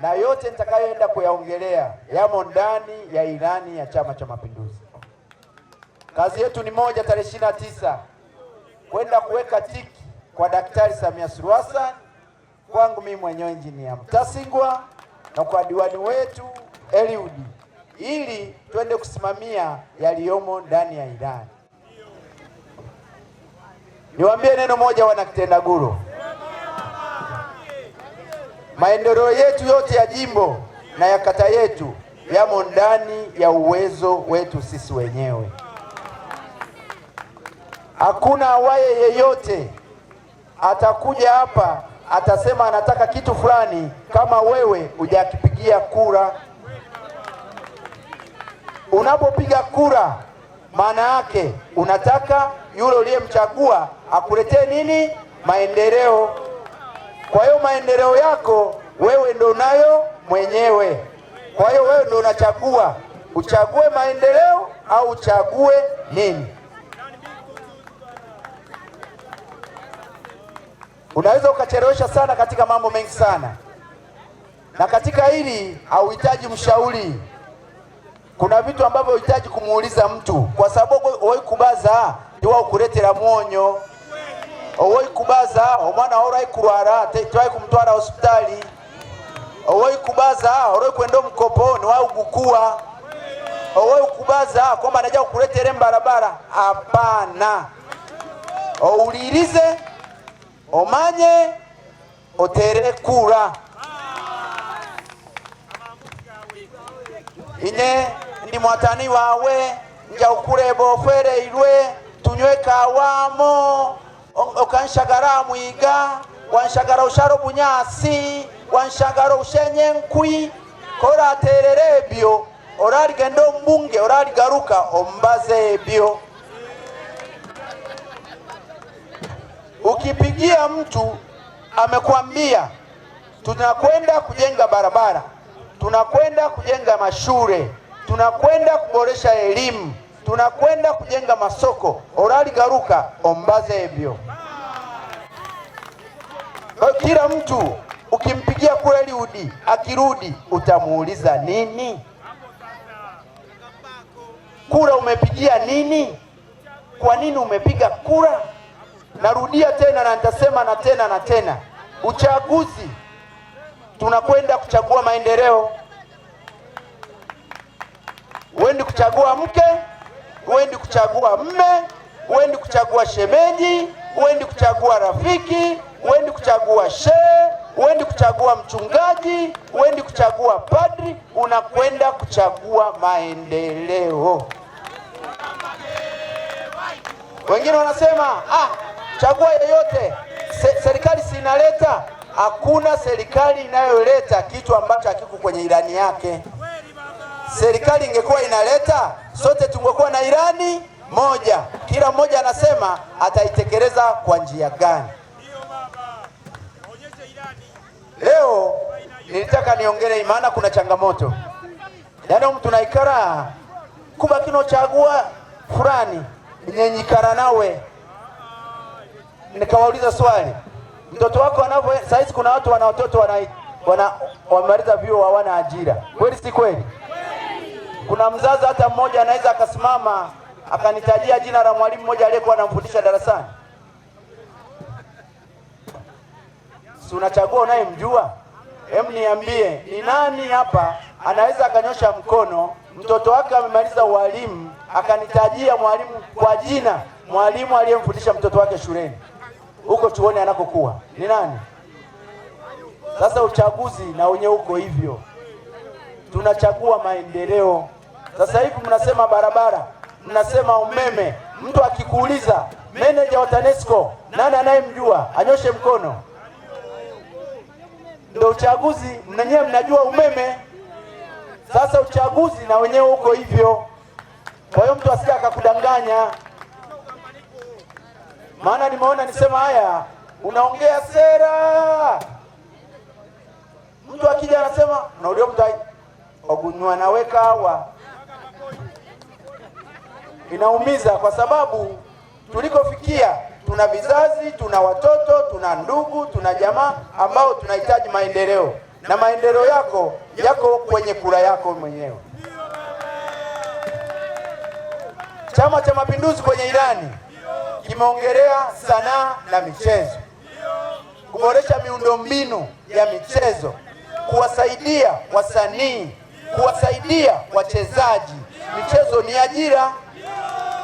na yote nitakayoenda kuyaongelea yamo ndani ya ilani ya Chama cha Mapinduzi. Kazi yetu ni moja, tarehe ishirini na tisa kwenda kuweka tiki kwa Daktari Samia Suluhu Hassan, kwangu mimi mwenyewe Injinia Mtasingwa na kwa diwani wetu Eliud, ili twende kusimamia yaliyomo ndani ya ilani. Niwaambie neno moja, wana Kitendaguro. Maendeleo yetu yote ya jimbo na ya kata yetu yamo ndani ya uwezo wetu sisi wenyewe. Hakuna awaye yeyote atakuja hapa atasema anataka kitu fulani kama wewe hujakipigia kura. Unapopiga kura, maana yake unataka yule uliyemchagua akuletee nini? Maendeleo. Kwa hiyo maendeleo yako wewe ndo nayo mwenyewe. Kwa hiyo wewe ndo unachagua uchague maendeleo au uchague nini. Unaweza ukachelewesha sana katika mambo mengi sana, na katika hili hauhitaji mshauri. Kuna vitu ambavyo uhitaji kumuuliza mtu, kwa sababu wewe kubaza ndio kuletera mwonyo owoi kubaza omwana wawe orayi kurwara te hospitali owoi kubaza orayi kwenda omukopo niwawe gukuwa owoyi kubaza kwamba naja kukuletera embarabara hapana owulirize omanye otere kura ine ndi mwatani wawe nja ofereirwe tunywe kawamo okanshagara mwiga wanshagara usharo bunyasi wanshagara ushenye nkwi koraterera ebyo mbunge ombunge garuka ombaze ebyo ukipigia mtu amekwambia tunakwenda kujenga barabara, tunakwenda kujenga mashule, tunakwenda kuboresha elimu tunakwenda kujenga masoko orali garuka ombaze hivyo. Kwa Kila mtu ukimpigia kweli udi akirudi utamuuliza nini? Kura umepigia nini? Kwa nini umepiga kura? Narudia tena na nitasema na tena na tena, uchaguzi tunakwenda kuchagua maendeleo, wendi kuchagua mke huendi kuchagua mme, huendi kuchagua shemeji, huendi kuchagua rafiki, huendi kuchagua shehe, huendi kuchagua mchungaji, huendi kuchagua padri, unakwenda kuchagua maendeleo. Wengine wanasema ah, chagua yeyote se, serikali sinaleta Hakuna serikali inayoleta kitu ambacho hakiko kwenye ilani yake serikali ingekuwa inaleta, sote tungekuwa na irani moja, kila mmoja anasema ataitekeleza kwa njia gani. Leo nilitaka niongelee, maana kuna changamoto yaani mtu naikara kuba kino chagua fulani nyenyikara nawe. Nikawauliza swali, mtoto wako anavyo saizi, kuna watu wana watoto wana wamaliza vyuo hawana ajira, kweli si kweli? Kuna mzazi hata mmoja anaweza akasimama akanitajia jina la mwalimu mmoja aliyekuwa anamfundisha darasani? Si unachagua unayemjua? Hem, niambie ni nani hapa anaweza akanyosha mkono, mtoto wake amemaliza ualimu akanitajia mwalimu kwa jina, mwalimu aliyemfundisha mtoto wake shuleni huko chuoni anakokuwa? Ni nani? Sasa uchaguzi na wenyewe uko hivyo, tunachagua maendeleo sasa hivi mnasema barabara, mnasema umeme. Mtu akikuuliza meneja wa TANESCO nani anayemjua, anyoshe mkono. Ndio uchaguzi, mnenyewe mnajua umeme. Sasa uchaguzi na wenyewe uko hivyo. Kwa hiyo mtu asije akakudanganya, maana nimeona nisema haya, unaongea sera, mtu akija anasema unaulia mtu ogunywa naweka hawa inaumiza kwa sababu tulikofikia tuna vizazi, tuna watoto, tuna ndugu, tuna jamaa ambao tunahitaji maendeleo, na maendeleo yako yako kwenye kura yako mwenyewe. Chama cha Mapinduzi kwenye ilani kimeongelea sanaa na michezo, kuboresha miundombinu ya michezo, kuwasaidia wasanii, kuwasaidia wachezaji. Michezo ni ajira.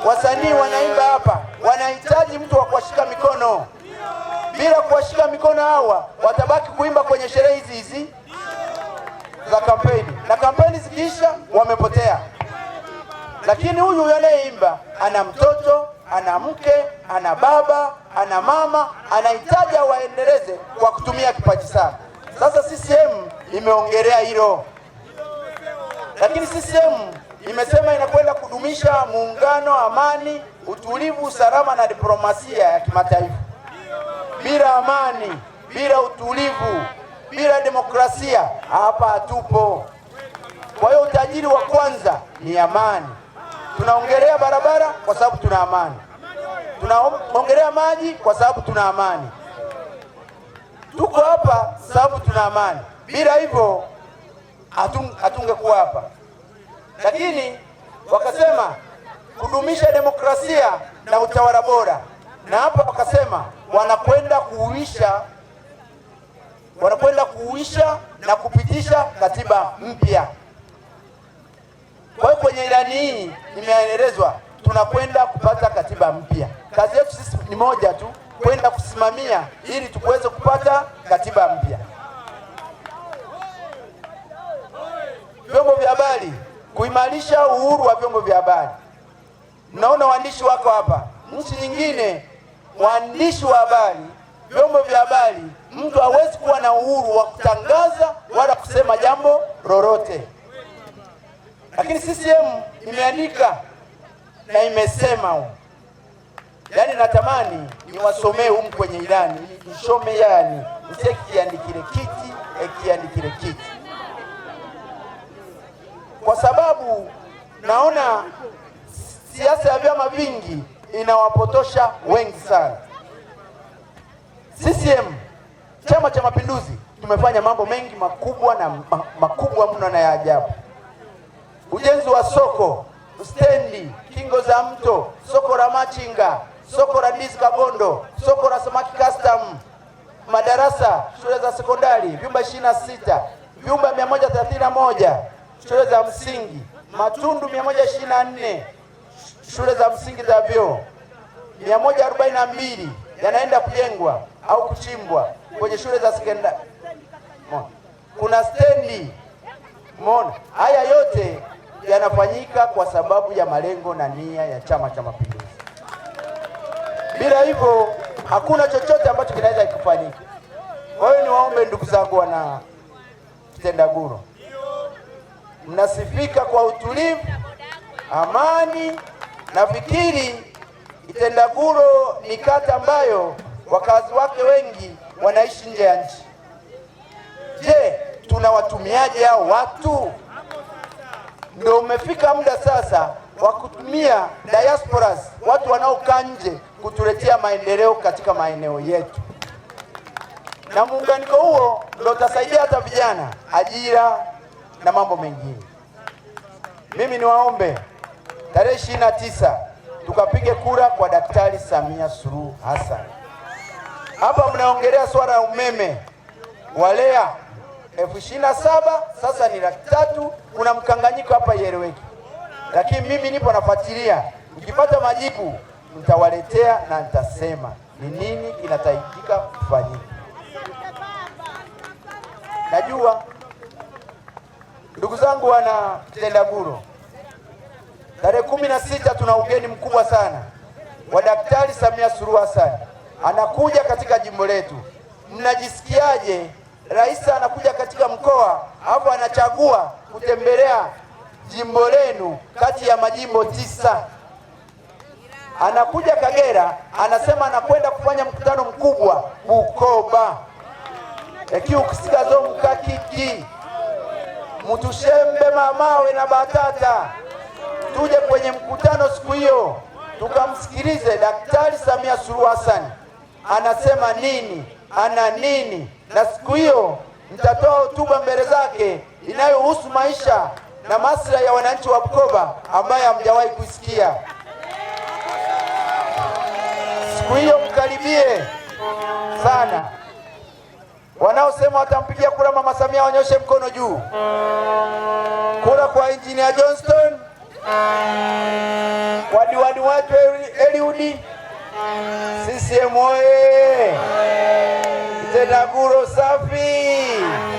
Wasanii wanaimba hapa, wanahitaji mtu wa kuwashika mikono. Bila kuwashika mikono, hawa watabaki kuimba kwenye sherehe hizi hizi za kampeni, na kampeni zikiisha wamepotea. Lakini huyu huyu anayeimba ana mtoto, ana mke, ana baba, ana mama, anahitaji awaendeleze kwa kutumia kipaji sana. Sasa CCM imeongelea hilo, lakini CCM imesema inakwenda kudumisha muungano, amani, utulivu, usalama na diplomasia ya kimataifa. Bila amani, bila utulivu, bila demokrasia hapa hatupo. Kwa hiyo utajiri wa kwanza ni amani. Tunaongelea barabara kwa sababu tuna amani, tunaongelea maji kwa sababu tuna amani, tuko hapa sababu tuna amani. Bila hivyo hatungekuwa hapa lakini wakasema kudumisha demokrasia na utawala bora, na hapa wakasema wanakwenda kuuisha wanakwenda kuuisha na kupitisha katiba mpya. Kwa hiyo kwenye ilani hii imeelezwa tunakwenda kupata katiba mpya. Kazi yetu sisi ni moja tu, kwenda kusimamia ili tuweze kupata katiba mpya. Vyombo vya habari kuimarisha uhuru wa vyombo vya habari. Mnaona waandishi wako hapa, nchi nyingine waandishi wa habari, vyombo vya habari, mtu hawezi kuwa na uhuru wa kutangaza wala kusema jambo lolote, lakini CCM imeandika na imesema yaani, natamani niwasomee humu kwenye ilani nishome, yani nisikiandikile naona siasa ya vyama vingi inawapotosha wengi sana. CCM Chama cha Mapinduzi tumefanya mambo mengi makubwa na ma, makubwa mno na ya ajabu. Ujenzi wa soko, stendi, kingo za mto, soko la machinga, soko la diskabondo, soko la samaki custom, madarasa, shule za sekondari, vyumba ishirini na sita, vyumba mia moja thelathini na moja, shule za msingi matundu 124 shule za msingi za vyoo 142 yanaenda kujengwa au kuchimbwa kwenye shule za sekondari. Kuna stendi mona. Haya yote yanafanyika kwa sababu ya malengo na nia ya Chama cha Mapinduzi. Bila hivyo hakuna chochote ambacho kinaweza kufanyika. Kwa hiyo niwaombe ndugu zangu wana Kitendaguro mnasifika kwa utulivu, amani. Nafikiri Itendaguro ni kata ambayo wakazi wake wengi wanaishi nje ya nchi. Je, tunawatumiaje hao watu? Ndio umefika muda sasa wa kutumia diasporas, watu wanaokaa nje, kutuletea maendeleo katika maeneo yetu, na muunganiko huo ndio utasaidia hata vijana ajira na mambo mengine. Mimi niwaombe tarehe ishirini na tisa tukapige kura kwa Daktari Samia Suluhu Hassan. Hapa mnaongelea swala ya umeme walea elfu ishirini na saba sasa ni laki tatu. Kuna mkanganyiko hapa, ieleweki, lakini mimi nipo nafuatilia. Mkipata majibu nitawaletea na nitasema ni nini kinatahitika kufanyika, najua Ndugu zangu wana Tendaguro, tarehe kumi na sita tuna ugeni mkubwa sana wa Daktari Samia Suluhu Hassan, anakuja katika jimbo letu. Mnajisikiaje rais anakuja katika mkoa hapo, anachagua kutembelea jimbo lenu kati ya majimbo tisa? Anakuja Kagera, anasema anakwenda kufanya mkutano mkubwa Bukoba. Eki ukisigazo Mtushembe, Mamawe na Batata tuje kwenye mkutano siku hiyo tukamsikilize Daktari Samia Suluhu Hassan anasema nini, ana nini, na siku hiyo nitatoa hotuba mbele zake inayohusu maisha na maslahi ya wananchi wa Bukoba ambaye hamjawahi kuisikia. Siku hiyo mkaribie sana. Wanaosema watampigia kura mama Samia wanyoshe mkono juu. Kura kwa Injinia Johnston, wadiwani watu Eliudi, CCM oye! Tena safi.